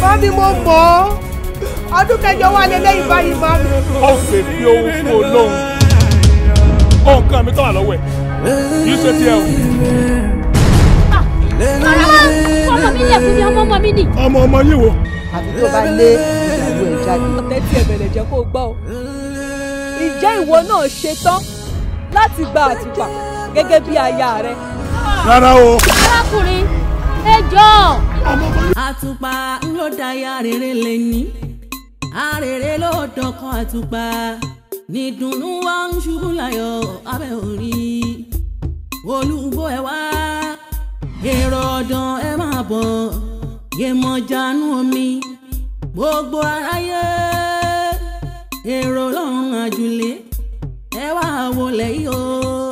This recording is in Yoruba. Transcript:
Mami mo mọ̀ ọ́. Ọdún kẹjọ wà lélẹ́yìn báyìí mami. Ó fè bí owó fún olóhùn. Ọ̀kan mi tọ́ àlọ́wẹ̀. Yóò ṣe tiẹ̀ o. Bàbá ah, ọmọ mi lè fún mi ọmọ ọmọ mi nì. Ọmọ ọmọ yìí wo. Àbí tó bá lé ìyàwó ẹ̀ jáde. Ọ̀tẹ́ tí ẹ̀bẹ̀rẹ̀ jẹ́ kó gbọ́ o. Ìjẹ́ ìwọ náà ṣetán láti gba àtìpà gẹ́gẹ́ bí aya rẹ. Rárá o. Arákùnrin, ẹ jọ̀ọ́ àtùpà ló daya rere lè ní arèrè ló dọkọ àtùpà nídùnnú wa ń ṣubú láyọ̀ abẹ́ orí olúbo ẹ wá èrò ọ̀dàn ẹ máa bọ̀ yèmọ̀jánú omi gbogbo aráyé èrò lọ́rùn àjùlé ẹ wá wọlé yìí o.